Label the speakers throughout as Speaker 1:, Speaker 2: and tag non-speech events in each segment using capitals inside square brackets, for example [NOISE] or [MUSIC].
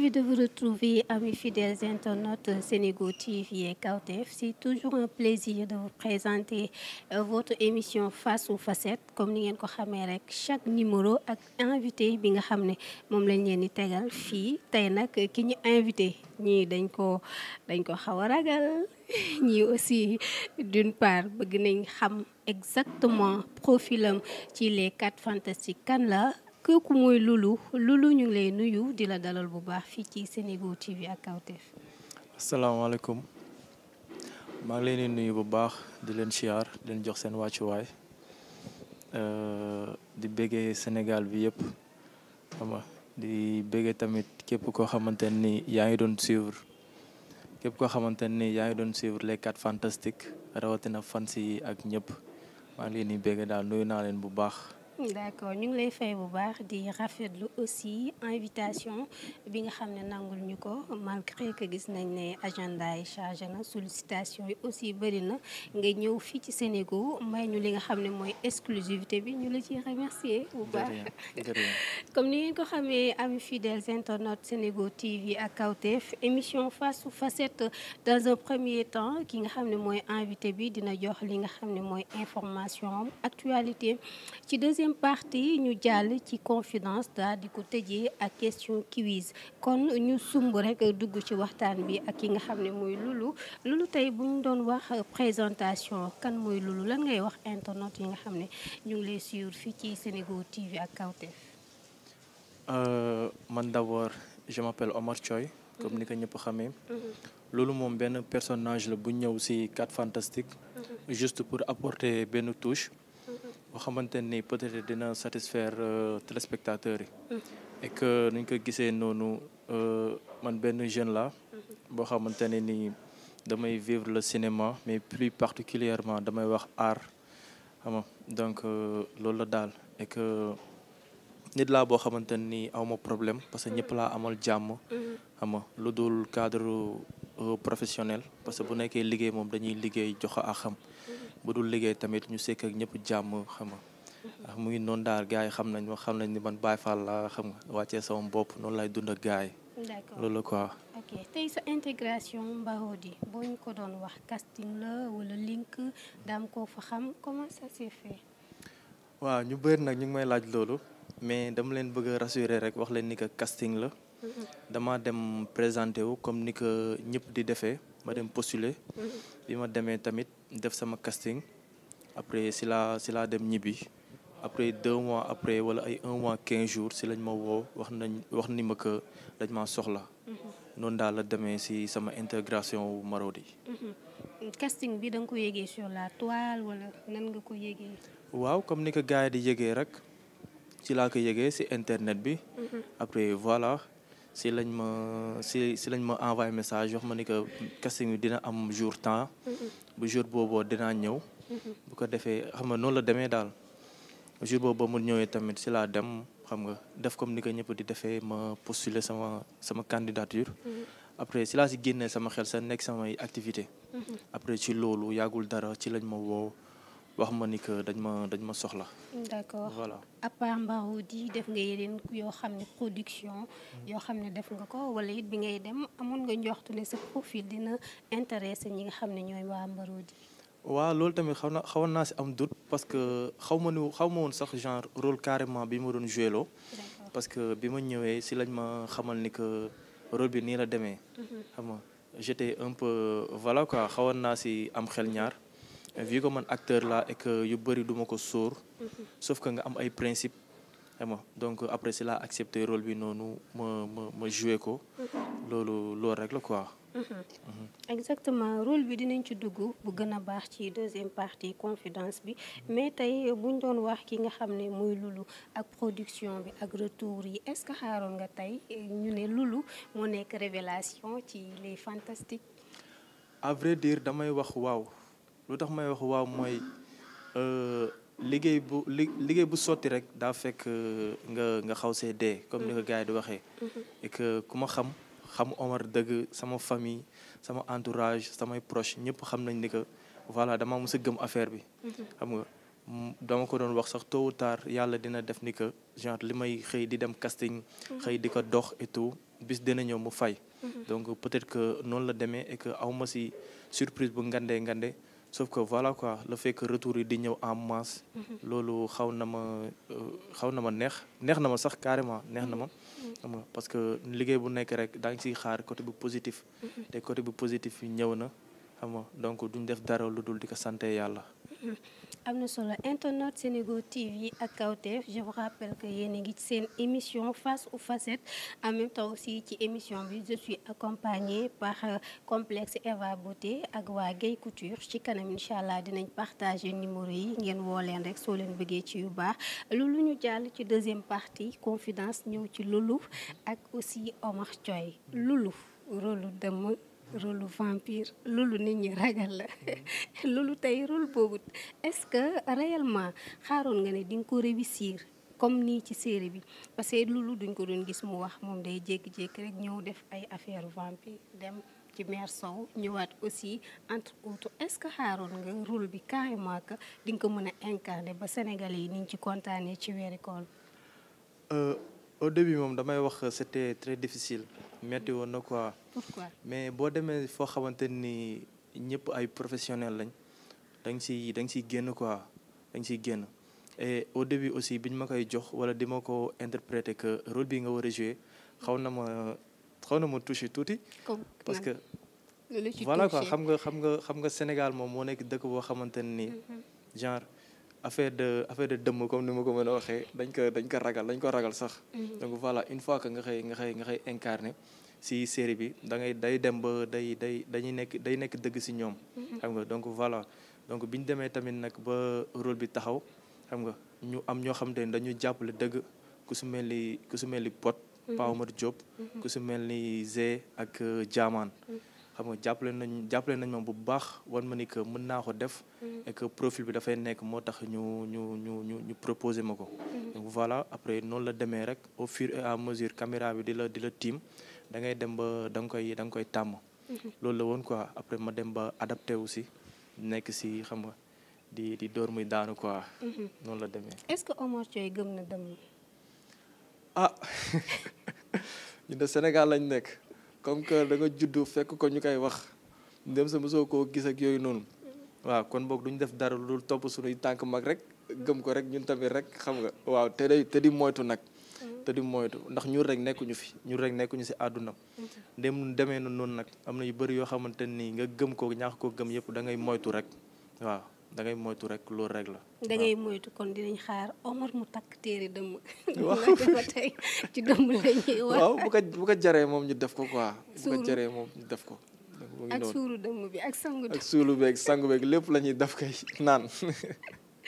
Speaker 1: Ravi de vous retrouver, am fidèles internautes Sénégo TV et Kawtef. C'est toujours un plaisir de vous présenter euh, votre émission Face aux facettes comme ni ngeen ko xamee rek chaque numéro ak invité bi nga xam ne moom lañ leen di tegal fii tey nag euh, ki ñu invité ñii dañ ko dañ ko xaw a ragal [LAUGHS] ñii aussi d'une part bëgg nañ xam exactement profilam ci les quatre fantastiques kan la kooku mooy Loulou Loulou ñu ngi lay nuyu di la dalal bu baax fii ci Senego TV ak Kawtef.
Speaker 2: asalaamaaleykum maa ngi leen di nuyu bu baax di leen siyaar di jox seen wàccuwaay di bëggee Sénégal bi yëpp xam di bëggee tamit képp koo xamante ni yaa ngi doon suivre képp koo xamante ni yaa ngi doon suivre les quatre fantastiques rawatina fans yi ak ñëpp maa ngi leen bëggee daal nuyu naa leen bu baax.
Speaker 1: d'accord ñu ngi lay fay bu baax di rafetlu aussi invitation bi nga xam ne nangul ñu ko malgré que gis nañ ne agenda yi chargé na sollicitation yi aussi bëri na nga ñëw fii ci Sénégal may ñu li nga xam ne mooy exclusivité bi ñu la ciy remercier bu baax [LAUGHS] comme ni ngeen ko xamee ami fidèles internautes Sénégal TV ak Kawtef émission face ou facette dans un premier temps ki nga xam ne mooy invité bi dina jox li nga xam ne mooy information actualité ci deuxième deuxième partie ñu jàll ci confidence daal di ko tëjee ak question quiz kon ñu sumb rek dugg ci waxtaan bi ak yi nga xam ne mooy Loulou Loulou tey buñ doon wax présentation kan mooy Loulou lan ngay wax internet yi nga xam ne ñu ngi lay suivre fii ci Sénégo TV ak Kawtef.
Speaker 2: Euh, man d'abord je m'appelle Omar Choy comme ni ko ñëpp xamee. Mhm. loolu moom benn personnage la bu ñëw ci Quatre Fantastiques. Mhm. juste pour apporter benn touche. boo xamante ni peut-être dina satisfaire euh, téléspectateurs yi. Mm-hmm. et que nuñ ko gisee noonu euh, man benn jeune la mm-hmm. boo xamante ne ni damay vivre le cinéma mais plus particulièrement damay wax art xam donc euh, loolu la daal et que nit laa boo xamante ni awma problème parce que ñëpp laa mm-hmm. amal jàmm. xam nga lu dul cadre professionnel parce que bu nekkee liggéey moom dañuy liggéey jox a xam. bu dul liggéey tamit ñu sekk ak ñëpp jàmm xam nga ah, mu ngi noonu daal gars yi xam nañ ma xam nañ ni man Baye Fall laa xam nga wàccee sama bopp noonu lay dund ak gars yi. d'accord loolu quoi.
Speaker 1: tey sa intégration Marodi boo ñu ko doon wax casting la wala link daam koo fa xam comment ça s'est fait.
Speaker 2: waaw ñu bëri nag ñu ngi may laaj loolu mais dama leen bëgg a rassurer rek wax leen ni que casting la. Mm-hmm. dama dem présenter wu comme ni ko ñëpp di defee ma dem postuler. Mm-hmm. bi ma demee tamit. def sama casting après si laa si laa dem ñibbi après deux mois après wala ay un mois quinze jours si lañ ma woo wax nañ wax ni ma que dañ ma soxla. Mm-hmm. noonu daal la demee si sama intégration wu Marodi.
Speaker 1: Mm-hmm. casting bi da ko yëgee sur la toile wala nan nga ko yëgee.
Speaker 2: waaw comme ni ko gars di yëgee rek si laa ko yëgee si internet bi. Mm-hmm. après voilà si lañ ma si si lañ ma envoyé message wax ma ni que casting bi dina am jour temps. bu jour booboo dinaa ñëw. Mhm. bu ko defee xam nga noonu la demee daal jour boobu ba mu ñëwee tamit si laa dem xam nga def comme ni ko ñëpp di defee ma postuler sama sama candidature. Mhm. après si laa si génnee sama xel sa nekk samay activité mhm. après ci loolu yàggul dara ci lañ ma woo. wax ma ni que dañ ma dañ ma soxla.
Speaker 1: d'accord voilà à part Mbaroudi def nga yeneen yoo xam ne production. Mm. yoo xam ne def nga ko wala it bi ngay dem amoon nga njoxtu ne sa profil dina intéressé ñi nga xam ne ñooy waa Mbaroudi.
Speaker 2: waaw loolu tamit xaw na naa si am doute parce que xaw ma ni xaw ma woon sax genre rôle carrément bi ma doon joué loo. parce que bi ma ñëwee si lañ ma xamal ni que rôle bi nii la demee. Mm-hmm. xam un peu voilà quoi xawoon naa si am xel ñaar. vu que man acteur la et yu bëri duma ko sóor sauf ko nga am ay principe xam nga donc après si laa accepté rôle bi noonu ma ma ma ko loolu loo rek la quoi
Speaker 1: mhm. exactement rôle bi dinañ ci dugg bu gën a baax ci deuxième partie confidence bi mais tey buñ doon wax ki nga xam ne muy Loulou ak production bi ak retour yi est-ce que xaaroon nga tey ñu ne Loulou moo nekk révélation ci les fantastiques
Speaker 2: à vrai dire damay wax waaw lu tax may wax waaw mooy euh, liggéey bu liggéey bu sotti rek daa fekk euh, nga nga xaw see dee comme ni ko gars yi di waxee. Mm-hmm. et ku ma xam xam Omar dëgg sama fami sama entourage samay proche ñëpp xam nañ ni que voilà dama mës a gëm affaire bi. Mm-hmm. xam nga dama ko doon wax sax tôt ou tard yàlla dina def ni que genre li may xëy di dem casting. Mm-hmm. xëy di ko dox et bis dina ñëw mu fay. donc peut que noonu la demee et que si surprise bu ngandee ngandee. sauf ko voilà quoi le fekk retour yi di ñëw en masse. Mhm. loolu xaw na ma euh, xaw na ma neex neex na ma sax carrément neex na ma. Mhm. Mhm. xam parce que liggéey bu nekk rek daa ngi siy xaar côté bu positif. te côté bu positif yi ñëw na xam nga donc duñ def dara lu dul di ko sant yàlla.
Speaker 1: am na solo internet Sénégo yi ak Kawtef je vous rappelle que yéen a ngi seen émission face aux facettes en même temps aussi ci émission bi je suis accompagnée par euh, complexe Eva Beauté ak waa Guèye Couture ci kanam incha allah dinañ partager numéro yi ngeen wooleen leen rek soo leen bëggee ci yu baax loolu ñu jàll ci deuxième partie confidence ñëw ci Loulou ak aussi Omar Thioy Loulou rôle dëmm rôle vampire loolu nit ñi ragal la mm. loolu tey rôle boobu est-ce que réellement xaaroon nga ne di nga ko réussir comme nii ci série bi parce que loolu duñ ko doon gis mu wax moom day jékki-jékki rek ñëw def ay affaire vampire dem ci mère Sow ñëwaat aussi entre autres est-ce que xaaroon nga rôle bi carrément que di nga ko mën a incarner ba Sénégalais yi niñ ci kontaanee ci weeri kool
Speaker 2: euh, au début moom damay wax c'était très difficile metti woon na quoi. pourquoi mais boo demee foo xamante ni ñëpp ay professionnel lañ da nga siy da siy génn quoi dañ nga siy génn et au début aussi biñ ma koy jox wala di ma ko interpréter que rôle bi nga war a jouer xaw na ma xaw na ma touché tuuti. parce que voilà xam nga xam nga xam nga Sénégal moom moo nekk dëkk boo xamante ni mm-hmm. genre. affaire de affaire de dëmm comme ni ma ko mën a waxee dañ ko dañ ko ragal dañ ko ragal sax. Mhm. donc voilà une fois que nga xëy nga xëy nga xëy incarné si série bi da ngay day dem ba day day dañuy nekk day nekk dëgg si ñoom. Mhm. xam nga donc voilà donc bi ñu demee tamit nag ba rôle bi taxaw xam nga ñu am ñoo xamante ne dañu jàppale dëgg ku su mel ni ku su mel ni Pod. Pa mhm. Omar Diop. ku su mel ni Zé ak Jaamaan. Euh, xam nga jàppale nañ jàppale nañ moom bu baax wan ma ni que mën naa ko def mm. et profil bi dafay nekk moo tax ñu ñu ñu ñu ñu proposé ma ko mm. donc voilà après noonu la demee rek au fur à mesure caméra bi di la di la tiim da ngay dem ba da nga koy koy tàmm mm-hmm. loolu la woon quoi après ma dem ba adapté si nekk si xam nga di di door muy daanu quoi mm-hmm. noonu la demee
Speaker 1: est-ce que Omar Thioye gëm na dem
Speaker 2: ah [LAUGHS] ñu de Sénégal lañ nekk comme que da nga juddu fekk ko ñu koy wax dem sa mosoo koo gis ak yooyu noonu waaw kon boog duñ def dara lu topp suñuy tànk mag rek gëm ko rek ñun tamit rek xam nga waaw te day te di moytu nag mm-hmm. te di moytu ndax ñu rek nekkuñu fi ñu rek nekkuñu si àdduna mm-hmm. dem demee na noonu nag am na yu bëri yoo xamante nii nga gëm ko ñaax ko gëm yëpp da ngay moytu rek waaw da ngay moytu rek loolu rek la.
Speaker 1: dangay ngay moytu kon dinañ xaar Omar mu takk téere dëmm. [LAUGHS] waaw ci dëmm la
Speaker 2: bu ko jaree moom ñu def ko quoi. bu ko jaree moom ñu def ko. ak suulu
Speaker 1: dëmm bi ak sangu bi ak
Speaker 2: suulu lépp lañuy def kay naan. [LAUGHS]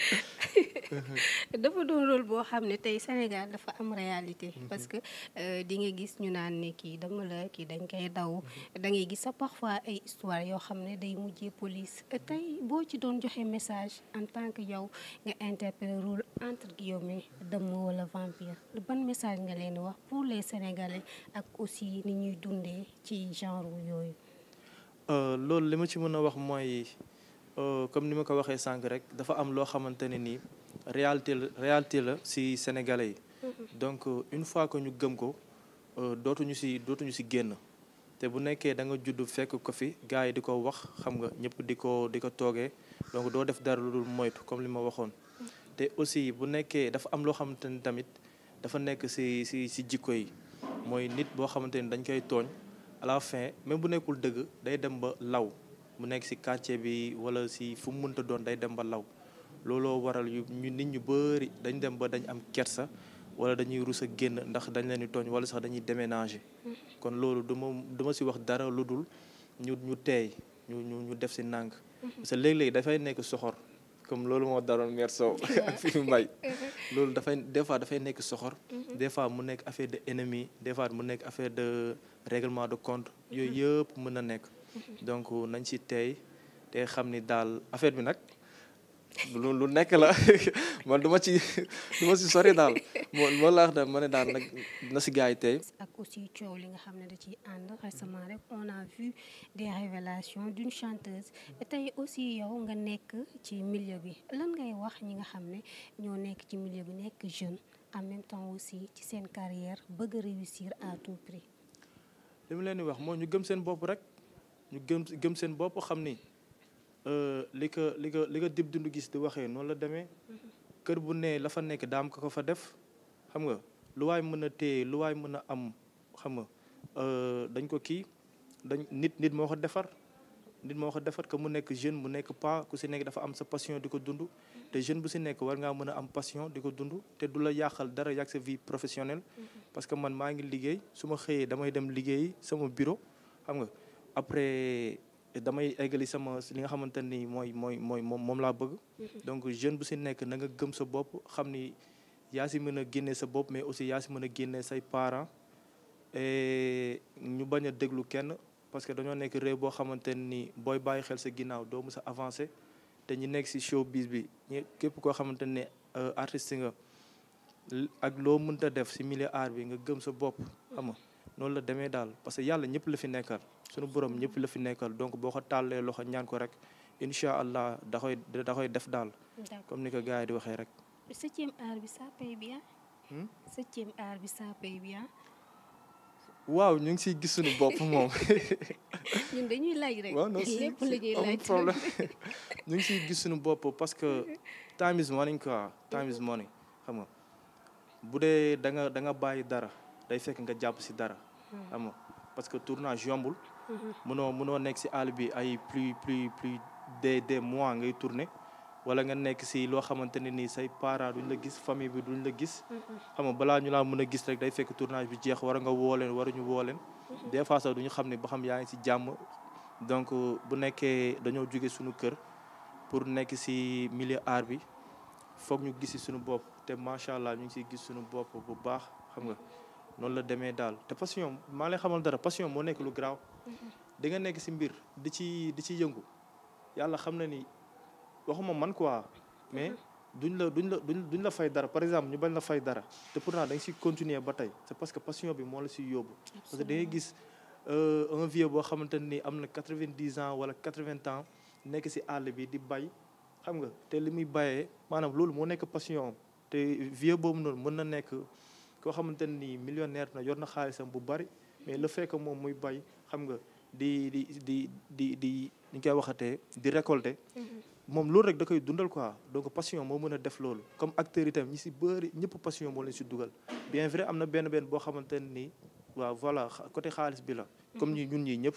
Speaker 1: [LAUGHS] dafa doon rôle boo xam ne tey Sénégal dafa am réalité mhm. parce que euh, di nga gis ñu naan ne kii dama la kii dañ koy daw mhm. da ngay gis sax parfois ay histoire yoo xam ne day mujjee police mhm. tey boo ci doon joxe message en tant que yow nga interpellé rôle entre guillemets dëmm wala vampire ban message nga leen wax pour les Sénégalais ak aussi ni ñuy dundee ci genre yooyu
Speaker 2: euh, loolu li ma ci mën a wax mooy Euh, comme ni ma ko waxee sànq rek dafa am loo xamante ne nii réalité la réalité la si sénégalais yi. donc euh, une fois que ñu gëm ko euh, dootuñu si dootuñu si génn. te bu nekkee da nga judd fekk ko fi gars yi di ko wax xam nga ñëpp di ko di ko toogee donc doo def dara lu dul moytu comme li ma waxoon. te aussi bu nekkee dafa am loo xamante ni tamit dafa nekk si si si jikko yi mooy nit boo xamante ni dañ koy tooñ à la fin même bu nekkul dëgg day dem ba law. mu nekk si quartier bi wala si fu mun mënta doon day dem ba law looloo waral yu ñu nit ñu bëri dañ dem ba dañ am kersa wala dañuy rus a génn ndax dañ leen di tooñ wala sax dañuy déménager kon loolu duma duma si wax dara lu dul ñu ñu teey ñu ñu ñu def si nànk parce que léeg dafay nekk soxor comme loolu moo daroon mère Sow ak [LAUGHS] fi mbay loolu dafay des fois dafay nekk soxor des fois mu nekk affaire de ennemi des fois mu nekk affaire de règlement de compte yooyu yëpp mën na nekk donc nañ ci tey te xam ni daal affaire bi nag lu lu nekk la [LAUGHS] man du ma ci [LAUGHS] ma sori daal moo moo laa wax ma ne daal na ci gars tey.
Speaker 1: ak aussi coow li nga xam ne da ci ànd récemment rek on a vu des révélations d'une chanteuse tey aussi yow nga nekk ci milieu bi lan ngay wax ñi nga xam ne ñoo nekk ci milieu bi nekk jeune en même temps aussi ci seen carrière bëgg réussir à tout prix.
Speaker 2: li mu leen di wax moo ñu gëm seen bopp rek. ñu gëm gëm seen bopp xam ni euh, li ko li ko li ko dib dund gis di waxee noonu la demee kër bu nee la fa nekk daam ko ko fa def xam nga lu waaye mën a téye lu waay mën a am xam nga euh, dañ ko kii dañ nit nit moo ko defar nit moo ko defar que mu nekk jeune mu nekk pas ku si nekk dafa am sa passion di ko dund te jeune bu si nekk war ngaa mën a am passion di ko dund te du la yàqal dara yàq sa vie professionnelle mm-hmm. parce que man maa ngi liggéey su ma xëyee damay dem liggéey sama bureau xam nga après eh, damay eggali sama li nga xamante ni mooy mooy mooy moom moom laa bëgg. donc jeune bu si nekk na nga gëm sa bopp xam ni yaa si mën a génne sa bopp mais aussi yaa si mën a génne say parents et ñu bañ a déglu kenn parce que dañoo nekk réew boo xamante ni booy bàyyi xel sa ginnaaw doo mës avancé te ñu nekk si showbiz bi ñu képp koo xamante ne euh, artiste nga ak loo mënta def si milieu art bi nga gëm sa bopp xam noonu la demee daal parce que yàlla ñëpp la fi nekkal sunu borom ñëpp la fi nekkal donc boo ko tàllee loxo ñaan ko rek incha allah da koy def daal. comme ni ko gars yi di waxee rek.
Speaker 1: septième art bi hmm?
Speaker 2: waaw ñu ngi siy gis suñu bopp moom.
Speaker 1: [LAUGHS] ñun dañuy laaj rek. waaw non si
Speaker 2: lépp [LAUGHS] gis suñu bopp parce que time is money quoi time is money bu dee danga danga bàyyi dara. day fekk nga jàpp si dara. xam hmm. parce que tournage yombul. Hmm. mënoo mënoo nekk si àll bi ay plus plus plus des des mois ngay tourne wala nga nekk si loo xamante ne nii say parents duñ la gis famille bi duñ la gis. Hmm. xam balaa ñu laa mën a gis rek day fekk tournage bi jeex war nga woo leen waruñu woo leen. des fois sax duñu xam ne ba xam yaa ngi si jàmm donc euh, bu nekkee dañoo jóge suñu kër pour nekk si millier art bi foog ñu gis si suñu bopp te macha allah ñu ngi siy gis suñu bopp bu baax xam nga. noonu la demee daal te passion maa lay xamal dara passion moo nekk lu garaaw di nga nekk si mbir di ci di ci yëngu yàlla xam na ni waxuma man quoi mais duñ la duñ la duñ la fay dara par exemple ñu bañ la fay dara te pourtant da nga si continuer ba tey c'est que passion bi moo la si yóbbu parce que da gis euh, un vieux boo xamante ni am na quatre-vingt-dix ans wala quatre vingt ans nekk si àll bi di bay xam nga te li muy bayee maanaam loolu moo nekk passion am te vieux boobu noonu mën na nekk koo xamante ne nii millionnaire na yor na xaalisam bu bari mais le fekk moom muy bay xam nga di di di di di ñu koy waxatee di récolter. Mm-hmm. moom loolu rek da koy dundal quoi donc passion moo mën a def loolu comme acteur itam ñi si bëri ñëpp passion moo leen si dugal bien vrai am na benn benn boo xamante ne nii waaw voilà côté xaalis bi la. comme mm-hmm. ñun ñi ñëpp.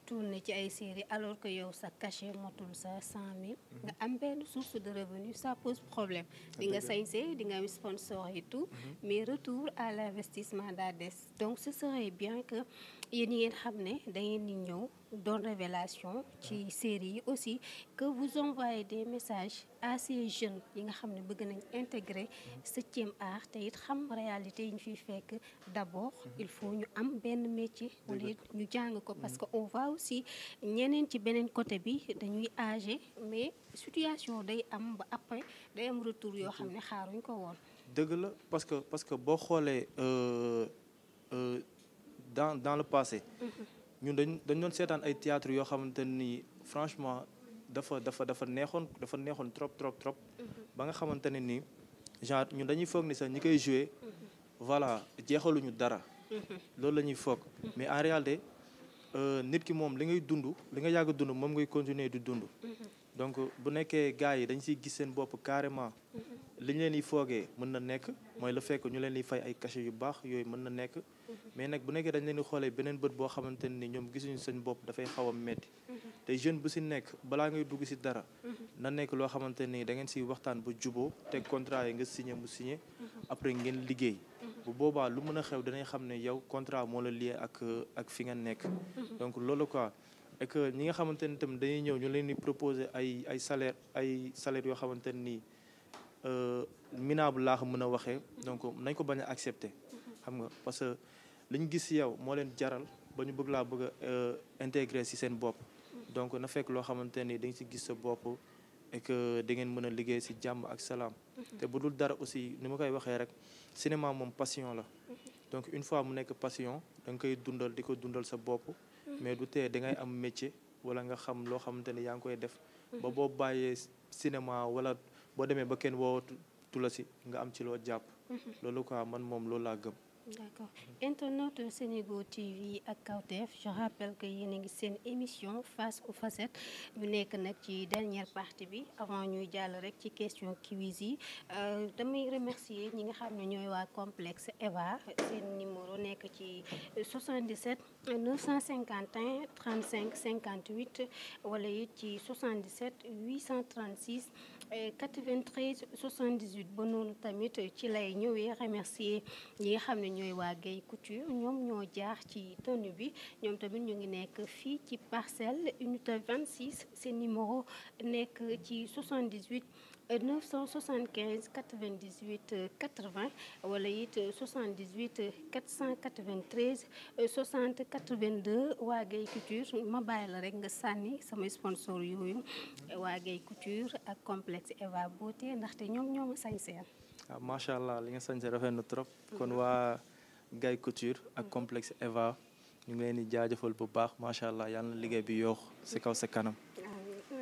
Speaker 1: tourné ci ay série alors que yow sa cachet motul sa cent mhm. nga am benn source de revenu ça pose problème di nga sañse di nga am sponsor et tout mhm. mais retour à l'investissement daa des donc ce serait bien que yéen ñi xam ne da ngeen di ñëw doon révélation ci série yi aussi que vous envoyez des messages à jeune yi nga xam ne bëgg nañ intégrer septième art te it xam réalité yi ñu fiy fekk d'abord mhm. il faut ñu am benn métier wala ñu jàng ko parce que au mhm. va aussi ñeneen ci beneen côté bi dañuy âgé mais situation day am ba après day am retour yoo xam ne xaaruñ ko woon
Speaker 2: dëgg la parce que parce que boo xoolee euh, euh, dans dans le passé mhm. ñun dañ dañ doon seetaan ay théâtre yoo xamante ni franchement dafa dafa dafa neexoon dafa neexoon trop trop trop mhm. ba nga xamante ne nii genre ñu dañuy foog ni sax ñi koy joué mhm. voilà jeexaluñu dara mhm. loolu la ñuy foog mais en réalité euh, nit ki moom li ngay dund li nga yàgg dund moom ngay continuer di dund donc bu nekkee gars yi dañ siy gis seen bopp carrément li ñu leen di foogee mën na nekk mooy la fekk ñu leen di fay ay cachet yu baax yooyu mën na nekk mais nag bu nekkee dañ leen di xoolee beneen bët boo xamante nii ñoom gisuñu seen bopp dafay xaw a metti te jeune bu si nekk balaa ngay dugg si dara mhm. na nekk loo xamante nii da ngeen si waxtaan ba juboo teg contrat yi nga signe mu signé mhm. après ngeen liggéey mhm. bu boobaa lu mën a xew danañ xam ne yow contrat moo la lié ak ak fi nga nekk donc loolu quoi et que ñi nga xamante ni tamit dañuy ñëw ñu leen di proposer ay ay salaire ay salaire yoo xamante nii euh, minable laa ko mën a waxee donc nañ ko bañ a accepter xam nga parce que liñ gis si yow moo leen jaral ba ñu bëgg laa bëgg a euh, intégrer si seen bopp donc na fekk loo xamante ni dañ si gis sa bopp et que da ngeen mën a liggéey si jàmm ak salaam. Mhm. te bu dul dara aussi ni ma koy waxee rek cinéma moom passion la. Mhm. donc une fois mu nekk passion danga koy dundal di ko dundal sa bopp. Mhm. mais du tee da ngay am métier wala nga xam loo xamante ni yaa ngi koy def. ba boo bàyyee cinéma wala boo demee ba kenn woowatu la si nga am ci loo jàpp. loolu quoi man moom loolu laa gëm.
Speaker 1: D'accord. Internaute Sénégo TV ak Kawtef je rappelle que yéen a ngi seen émission face aux facettes ñu nekk nag ci dernière partie bi avant ñuy jàll rek ci question quiz yi euh, damay remercier ñi nga xam ne ñooy waa complexe Eva seen numéro nekk ci 77 951 35 58 wala it ci 77 836 93 euh, 78 ba noonu tamit ci lay ñëwee remercier ñi nga xam ne ñooy waa Guèye Couture ñoom ñoo jaar ci tenue bi ñoom tamit ñu ngi nekk fii ci parcelle unité 26 seen numéro nekk ci 78 975 98 80 wala it 78 493 60 82 waa Gueye Couture ma bàyyi la rek nga sànni sama sponsor yooyu waa Gueye Couture ak complexe Eva Beauté ndaxte ñoom ñoo ma sañseel
Speaker 2: waaw ah, macha allah li nga sañse rafet na trop mm-hmm. kon waa Gueye Couture ak mm-hmm. complexe Eva ñu ngi leen di jaajëfal bu baax macha allah yàlla na liggéey bi yoox si kaw sa kanam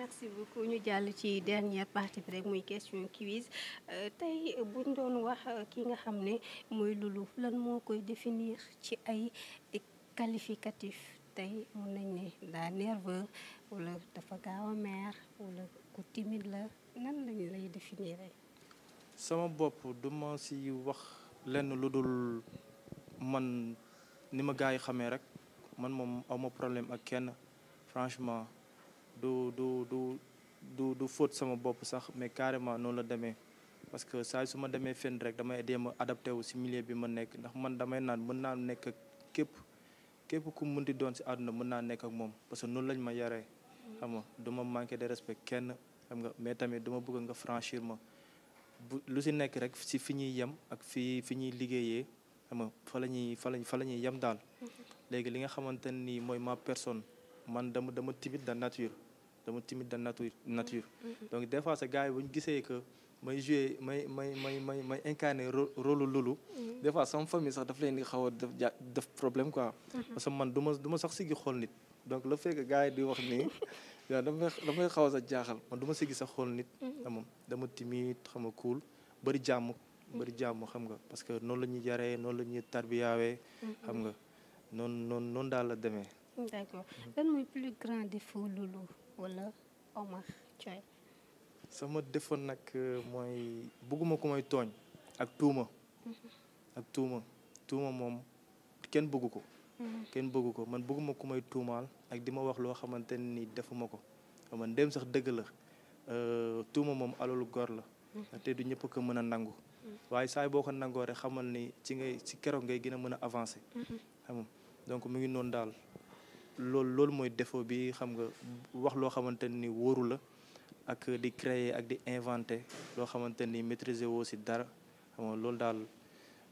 Speaker 1: merci beaucoup ñu jàll ci dernière partie bi rek muy question quiz euh, tey buñ doon wax euh, ki nga xam ne mooy Loulou lan moo koy définir ci ay qualificatif tey mun nañ ne daa nerveux wala dafa gaaw a mer wala ku timide la nan lañ lay définir
Speaker 2: sama bopp du ma si wax lenn lu dul man ni ma gars yi xamee rek man moom aw problème ak kenn franchement du du du du du faute sama bopp sax mais carrément noonu la demee parce que saa su ma demee fenn rek damay dem a adapté wu si milieu bi ma nekk ndax man damay naan mën naa nekk ak képp képp ku mu munti doon si àdduna mën naa nekk ak moom parce que noonu lañ ma yaree. xam nga du ma manqué de respect kenn xam nga mais tamit dama bëgg nga franchir ma bu lu si nekk rek si fi ñuy yem ak fi fi ñuy liggéeyee xam nga fa la ñuy fa la fa la ñuy yem daal. [LAUGHS] léegi li nga xamante nii mooy ma personne man dama dama timide de nature. dama timide de mm-hmm. nature nature mm-hmm. donc des fois sa gars yi bu ñu gisee que may joué may may may may may incarné rôle loolu mm-hmm. des fois sama famille sax daf leen di xaw a def problème quoi parce que man du ma du ma sax sigi xool nit donc le fait que gars yi di wax nii [LAUGHS] waaw xaw a sa jaaxal man du ma sigi sax xool nit amam dama timide xam nga cool bëri jàmm bëri jàmm xam nga parce que noonu la ñuy yaree noonu la ñuy tarbiyaawee xam nga noonu noonu noonu daal la demee
Speaker 1: d'accord lan mooy plus grand défaut loolu wala Omar Thioye.
Speaker 2: sama defoon nag euh, mooy bëgguma ku may tooñ ak tuuma.
Speaker 1: Mm-hmm.
Speaker 2: ak tuuma tuuma moom kenn bëggu ko. Mm-hmm. kenn bëggu ko man bëgguma ku may tuumaal ak di ma wax loo xamante nii defuma ko man dem sax dëgg la euh, tuuma moom alalu gor la. Mm-hmm. te du ñëpp ko mën a nangu. waaye saay boo ko nangoo rek xamal ni ci ngay ci keroog ngay gën a mën a avancer. xam mu ngi noonu daal. loolu loolu mooy défaut bi xam nga wax loo xamante ni wóoru la ak di créer ak di inventer loo xamante ni maîtriser woo si dara xam nga loolu daal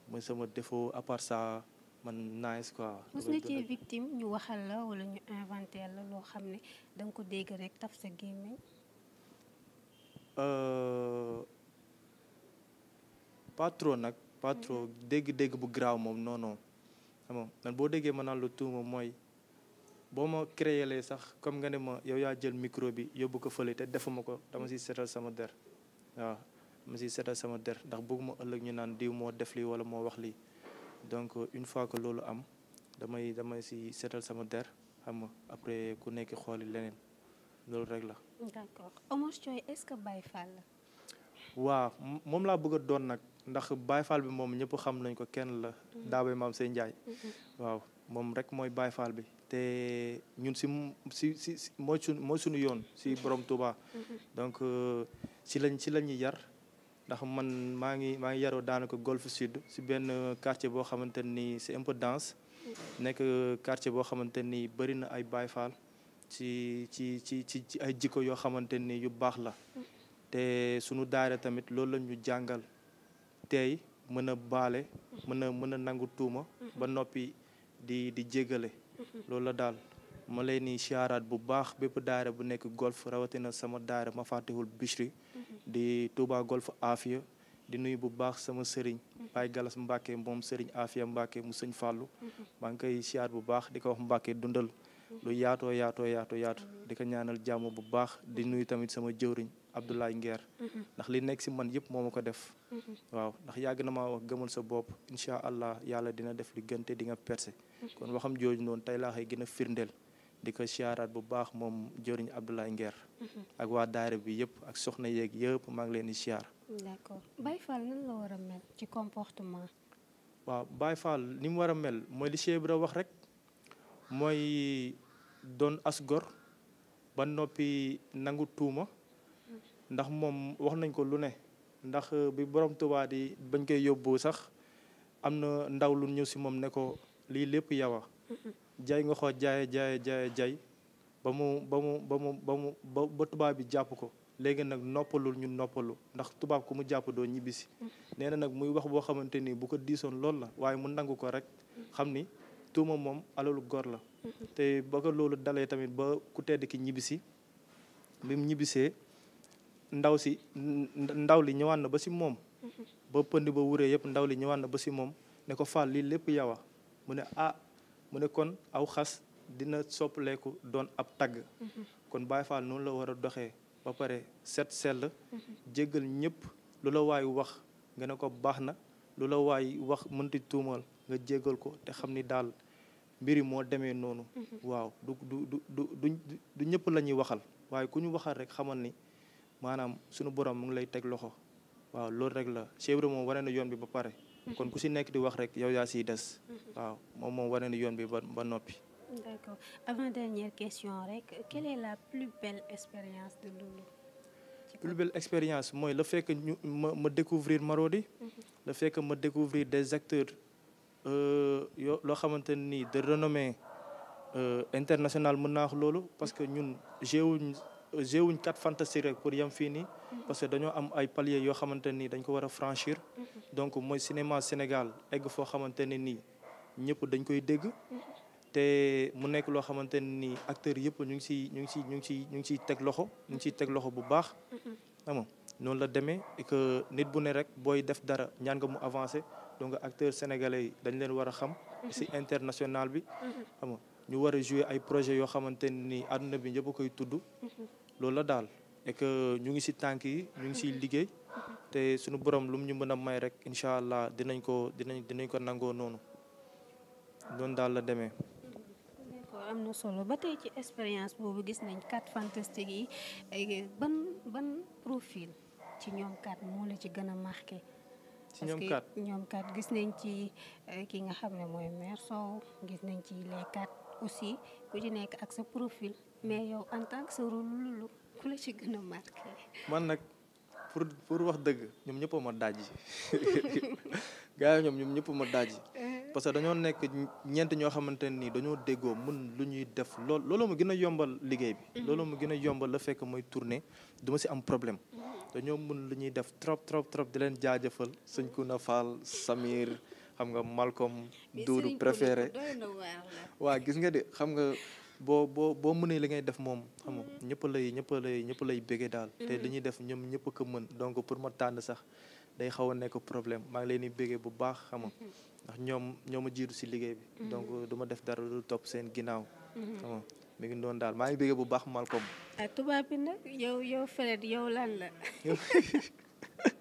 Speaker 2: mooy sama defo à part ça man naa quoi. mos
Speaker 1: ñu waxal la wala ñu inventer la xam ne da ko dégg rek taf sa gémmiñ.
Speaker 2: Euh, pas nag pas mm-hmm. dégg-dégg bu graaw moom noonu non xam nga boo déggee ma naan lu tuuma mooy. boo ma créelee sax comme nga ne ma yow yaa jël micro bi yóbbu ko fële te defuma ko dama si seetal sama der waaw dama si seetal sama der ndax bëgguma ëllëg ñu naan diw moo def lii wala moo wax lii donc une fois que loolu am damay damay si seetal sama der xam nga après ku nekk xooli leneen loolu rek la.
Speaker 1: d'accord Omos Thioye est-ce la.
Speaker 2: waaw moom laa bëgg a doon nag ndax Baye Fall bi moom ñëpp xam nañ ko kenn la. Mm-hmm. Daabay maam say Ndiaye. Mm-hmm. waaw moom rek mooy Baye Fall bi. te ñun si si si mooy suñu yoon si borom Touba. donc euh, si lañ si la ñuy yar ndax man maa ngi maa ngi yaroo daanaka Golf Sud si benn quartier boo xamante ni c'est un peu dense. nekk euh, quartier boo xamante ni bëri na ay Baye Fall ci ci ci ci ay jikko yoo xamante ni yu baax la. te sunu daara tamit loolu la ñu jàngal tey mën a baale. mën a mën a nangu tuuma. ba noppi di di jéggale. loolu la daal ma leen ni siyaaraat bu baax bépp daara bu nekk golf rawatina sama daara ma fàttewul Bichri di Touba golf Afia di nuyu bu baax sama sëriñ Baye Galas Mbacke moom sëriñ Afia Mbacke mu sëñ Fallou maa ngi koy siyaar bu baax di ko wax Mbacke dundal lu yaatoo yaatoo yaatoo yaatu di ko ñaanal jàmm bu baax di nuyu tamit sama jëwriñ Abdoulaye Nguer ndax li nekk si man yëpp moo ma ko def waaw ndax yàgg na ma wax gëmal sa bopp incha allah yàlla dina def li di nga percé kon waxam jooju noonu tey laa koy gën a firndeel di ko siyaaraat bu baax moom jëriñ Abdoulaye Nguer mhm. ak waa daara bi yëpp ak soxna yeeg yëpp maa ngi leen di siyaar.
Speaker 1: d'accord Baye a mel ci
Speaker 2: ni mu war a mel mooy li Cheikh Ibra wax rek mooy doon as gor ba noppi nangu tuuma mhm. ndax moom wax nañ ko lu ne ndax bi borom Tuubaa yi bañ koy yóbbu sax am na ndaw lu ñëw si moom ne ko. lii lépp yow jaay nga xoo jaay jaay jaay jaay ba mu ba mu ba mu ba mu tubaab bi jàpp ko léegi nag noppalul ñu noppalu ndax tubaab ku mu jàpp doo ñibbisi. nee na nag muy wax boo xamante ni bu ko diisoon loolu la waaye mu nangu ko rek xam ni tuuma moom alalu gor la. te ba ko loolu dalee tamit ba ku tedd ki ñibbisi bi mu ñibbisee ndaw si ndaw li ñëwaat na ba si moom. ba pënd ba wuree yëpp ndaw li ñëwaat na ba si moom ne ko faal lii lépp yawa mu ne ah mu ne kon aw xas dina soppaleeku doon ab tagg kon Baay Faal noonu la war a doxee ba pare set la jéggal ñëpp lu la waay wax nga ne ko baax na lu la waay wax mënti tuumal nga jéggal ko te xam ni daal mbiri moo demee noonu waaw du du du du du ñëpp la ñuy waxal waaye ku ñu waxal rek xamal ni maanaam sunu borom mu ngi lay teg loxo waaw loolu rek la Cheikh moom wane na yoon bi ba pare kon ku si nekk di wax rek yow yaa siy des mhm. waaw moom moom wane ni yoon bi ba ba noppi
Speaker 1: d'accord avant dernière question rek quelle est la plus belle expérience de Loulou
Speaker 2: plus belle expérience mooy la fekk ñu ma ma découvrir mhm. la fekk ma découvrir des acteurs euh, yoo loo xamante nii de renommée euh, internationale mën naa wax loolu parce que ñun géewuñ joué wuñ quatre fantastique rek pour yem fii nii. Mm-hmm. parce que dañoo am ay paliers yoo xamante nii dañ ko war a franchir. Mm-hmm. donc mooy cinéma Sénégal egg foo xamante ne nii ñëpp dañ koy dégg. Mm-hmm. te mu nekk loo xamante nii acteurs yëpp ñu ngi siy ñu ngi siy ñu ngi siy ñu ngi siy teg loxo ñu teg loxo bu baax. xam noonu la demee et que nit bu ne rek booy def dara ñaan nga mu avancer donc acteurs sénégalais yi dañ leen war a xam. si international bi. xam ñu war a jouer ay projet yoo xamante ni àdduna bi ñëpp koy tudd. loolu la daal et ñu ngi si tànk yi ñu ngi siy liggéey te suñu boroom lu mu ñu mën a may rek incha allah dinañ ko dinañ dinañ ko nangoo noonu noonu daal la demee.
Speaker 1: d'accord am na solo ba tey ci expérience boobu gis nañ quatre fantastiques yi ban ban profil ci ñoom quatre moo la ci gën a marqué. ci ñoom quatre gis nañ ci eh, ki nga xam ne mooy mère Sow gis nañ ci les quatre. aussi ku ci nekk ak sa profil mais yow en tant que sa rôle lu ku la ci gën a marqué.
Speaker 2: man nag pour pour wax dëgg ñoom ñëpp ma daaj [LAUGHS] gars yi ñoom ñoom ñëpp ma daaj eh. parce que dañoo nekk ñent ñoo xamante ne nii dañoo déggoo mën lu ñuy def lool looloo ma gën a yombal liggéey bi. Mm-hmm. looloo ma gën a yombal la fekk mooy tournée du ma si am problème. Mm-hmm. dañoo mën lu ñuy def trop trop trop di leen jaajëfal sëñ Kuna Fall Samir. xam nga Malcolm Duudu préféré waaw gis nga de xam nga boo boo boo mënee li ngay def moom xam nga mm-hmm. ñëpp lay ñëpp lay ñëpp lay béggee daal te mm-hmm. li def ñoom ñëpp ko mën donc pour ma tànn sax day xaw a nekk problème maa ngi leen di béggee bu baax xam mm-hmm. ndax ñoom ñoo ma jiiru si liggéey bi donc duma def dara lu topp seen ginnaaw xam ngi doon daal maa ngi béggee bu baax Malcolm
Speaker 1: ah, tubaab bi nag yow yow Fred yow lan la [LAUGHS]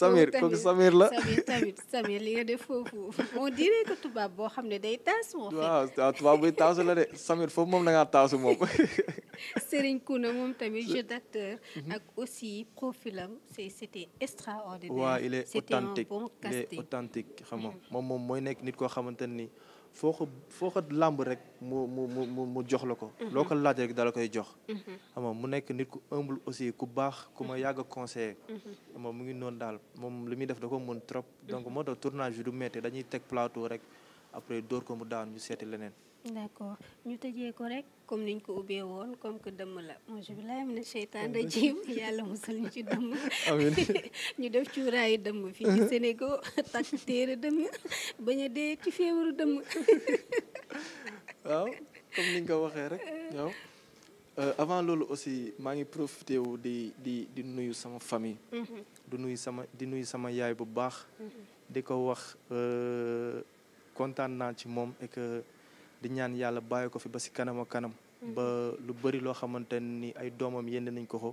Speaker 1: Samir kooku Samir la Samir Samir li nga def foofu on dirait que tubaab boo xam ne day taasu. waaw
Speaker 2: waaw tubaab buy taasu la de Samir foofu moom da ngaa taasu moom. [LAUGHS]
Speaker 1: Serigne na moom tamit jeu d'acteur. Mhm. ak aussi profilam c'est c'était extraordinaire. waaw il est authentique
Speaker 2: il mhm. moom moom mooy nekk nit koo xamante nii foo ko foo ko làmb rek mu mu mu mu jox la ko. Mhm. loo ko laaj rek dala koy jox. Mhm. xam mu nekk nit ku humble aussi ku baax ku ma mhm. yàgg a conseillé. mu ngi noon daal moom lu muy def da ko mën trop. donc moo tax tournage bi du métti dañuy teg plateau rek après door ko mu daan ñu seeti leneen.
Speaker 1: d'accord ñu tëjee ko rek comme niñ ko ubbee woon comme que dëmm la auzu billaahi mina sheytaan rajiim [LAUGHS] yàlla musal ñu ci dëmm [LAUGHS] ñu def cuuraayu dëmm fii ci [LAUGHS] Sénégal takk téere dëmm bañ a dee ci feebaru dëmm
Speaker 2: waaw comme niñ ko waxee rek yow euh, avant loolu aussi maa ngi profité wu di di di nuyu sama famille mhm. nuyu sama di nuyu sama yaay bu baax mhm. di ko wax euh, kontaan naa ci moom di ñaan yàlla bàyyi ko fi ba si kanam kanam. Mm-hmm. ba lu bëri loo xamante ni ay doomam yénd nañ ko ko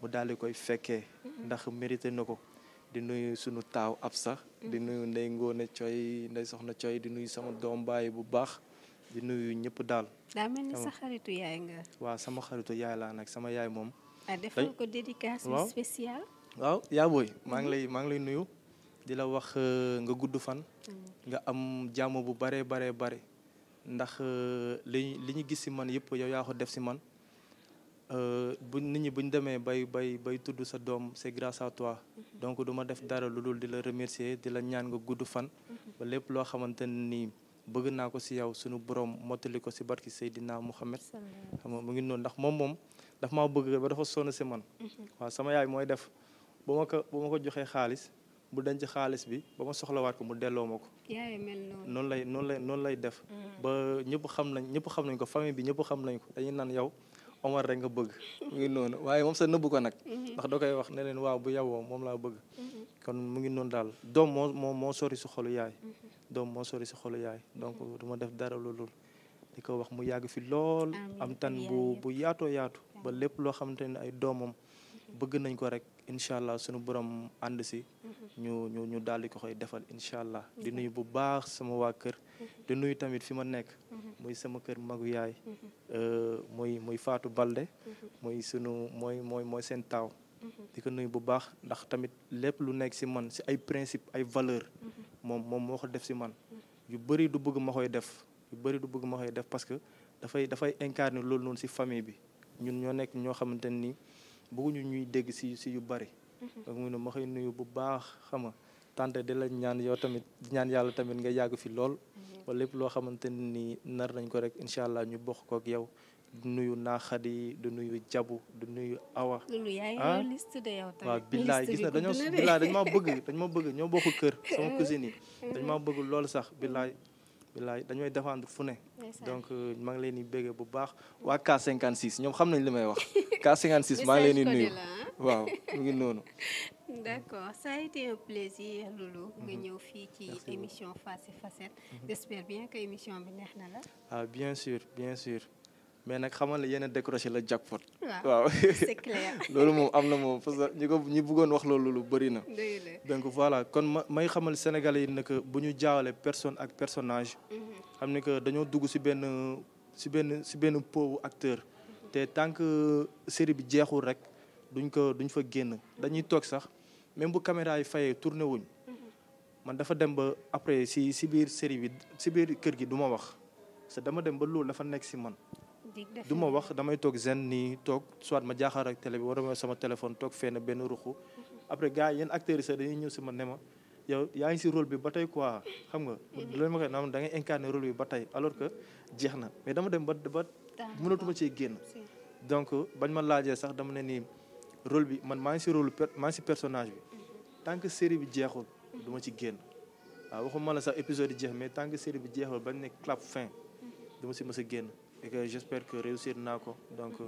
Speaker 2: mu daal di koy fekkee. Mm-hmm. ndax mérité na ko. di nuyu sunu taaw ab sax. di mm-hmm. nuyu ndey ngoone coy ndey soxna coy di nuyu sama doom bàyyi bu baax. di nuyu ñëpp daal.
Speaker 1: daa mel ni sa xaritu yaay nga.
Speaker 2: waaw sama xaritu yaay laa nag sama yaay moom. ah defal ko
Speaker 1: dédicace spéciale.
Speaker 2: waaw yaa maa ngi lay maa ngi lay nuyu. di la wax euh, nga gudd fan. nga am jàmm bu baree bare bare ndax euh, li li ñu gis si man yëpp yow yaa def si man euh, bu nit ñi buñ demee bay bay bay tudd sa doom c'est grâce à toi mm-hmm. donc du def dara lu dul di la remercier di la ñaan nga gudd fan mm-hmm. ba lépp loo xamante nii bëgg naa ko si yow suñu borom mottali ko si barki Seydina Mouhamed xam nga mu ngi noonu ndax moom moom daf maa bëgg ba dafa sonn si man mm-hmm. waaw sama yaay mooy def bu ma ko bu ma ko joxee xaalis mu denc xaalis bi ba ma soxlawaat ko mu delloo ma ko. noonu lay noonu lay noonu lay def. Mm. ba ñëpp xam nañ ñëpp xam nañ ko famille bi ñëpp xam nañ ko dañuy naan yow Omar rek nga bëgg. mu ngi noonu waaye moom sa nëbbu ko nag. Mm-hmm. ndax da koy wax ne waaw bu yawoo moom laa bëgg. Mm-hmm. kon mu ngi noonu daal doom moo moo moo sori si xolu yaay. Mm-hmm. doom moo sori si xolu yaay donc du def dara loolu di ko wax mu yàgg fi lool. am tan bu bu yaatoo yaatu. ba lépp loo xamante ne ay doomam bëgg nañ ko rek. incha allah sunu borom ànd si. Mm-hmm. ñu ñu ñu daal di ko koy defal incha allah. di nuyu bu baax sama waa kër. Mm-hmm. di nuyu tamit fi ma nekk. Mm-hmm. muy sama kër magu yaay. Euh, muy muy Fatou Balde. muy sunu mooy mooy mooy seen taaw. di ko nuyu bu baax ndax tamit lépp lu nekk si man si ay principe ay valeur moom moom moo ko def si man. yu bëri du bëgg ma koy def yu bëri du bëgg ma koy def parce que dafay dafay incarner loolu noonu si famille bi ñun ñoo nekk ñoo xamante ni. bëgguñu ñuy dégg si si yu bëri mhm. donc mu ne ma koy nuyu bu baax xam nga tante di la ñaan yow tamit ñaan yàlla tamit nga yàgg fi lool wala mhm. lépp loo xamante nii nar nañ ko rek incha allah ñu bokk ko ak yow du nuyu naaxadi du nuyu jabu du nuyu awa ah
Speaker 1: waaw billaay gis na dañoo billaay dañ ma bëgg
Speaker 2: dañ ma bëgg ñoo bokk kër sama [LAUGHS] cousine yi dañ ma bëgg lool sax billaay bilaay dañooy défendre fu ne. donc euh, maa ngi leen di béggee bu baax waa K56 ñoom xam nañ li may wax.
Speaker 1: [LAUGHS] K56 maa ngi leen di nuyu waaw mu ngi noonu. [LAUGHS] d'accord ça a été un plaisir Loulou nga mhm. ñëw fii ci émission Face et Facette. Mhm. bien que émission bi neex na la.
Speaker 2: ah bien sûr bien sûr. mais nag xamal la yéen a la jackpot. waaw [LAUGHS] [LAUGHS] loolu moom am na moom parce que ñi ko ñi bëggoon wax loolu lu bëri na. donc voilà kon ma may xamal sénégal yi nag bu ñu jaawale personne ak personnage.
Speaker 1: Mm-hmm.
Speaker 2: xam ne que dañoo dugg ci benn ci benn ci benn pauvre acteur. Mm-hmm. te tant que série bi jeexul rek duñ ko duñ fa génn dañuy toog sax même bu caméra yi fayee tourné wuñ. Mm-hmm. man dafa dem ba après si ci biir série bi ci biir kër gi du ma wax parce dama dem ba loolu dafa nekk ci man. du ma wax damay toog zen nii toog soit ma jaaxaar ak télé bi wara ma sama téléphone toog fenn benn ruxu après gars yéen acteurs yi sax dañuy ñëw si ma ne ma yow yaa ngi si rôle bi ba tey quoi xam nga loolu ma koy naan da ngay incarner rôle bi ba tey alors que jeex na mais dama dem ba ba mënatuma cee génn donc bañ ma laajee sax dama ne nii rôle bi man maa ngi si rôle maa ngi si personnage bi tant que série bi jeexul duma ci génn waaw waxuma la sax épisode di jeex mais tant que série bi jeexul bañ ne clap fin du si mës génn et que réussir naa ko donc euh,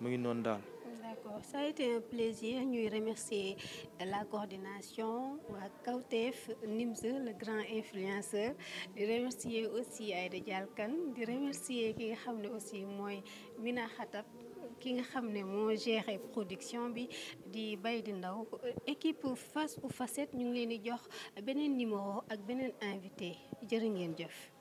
Speaker 2: mu ngi noonu daal.
Speaker 1: d'accord ça a été un plaisir ñuy remercier la coordination waa Kawtef Nimz le grand influenceur di remercier aussi Aïda Dialkane di remercier ki nga xam ne aussi mooy Mina Khatab ki nga xam ne moo géré production bi di bay di ndaw équipe face ou facette ñu ngi leen di jox beneen numéro ak beneen invité jërë ngeen jëf.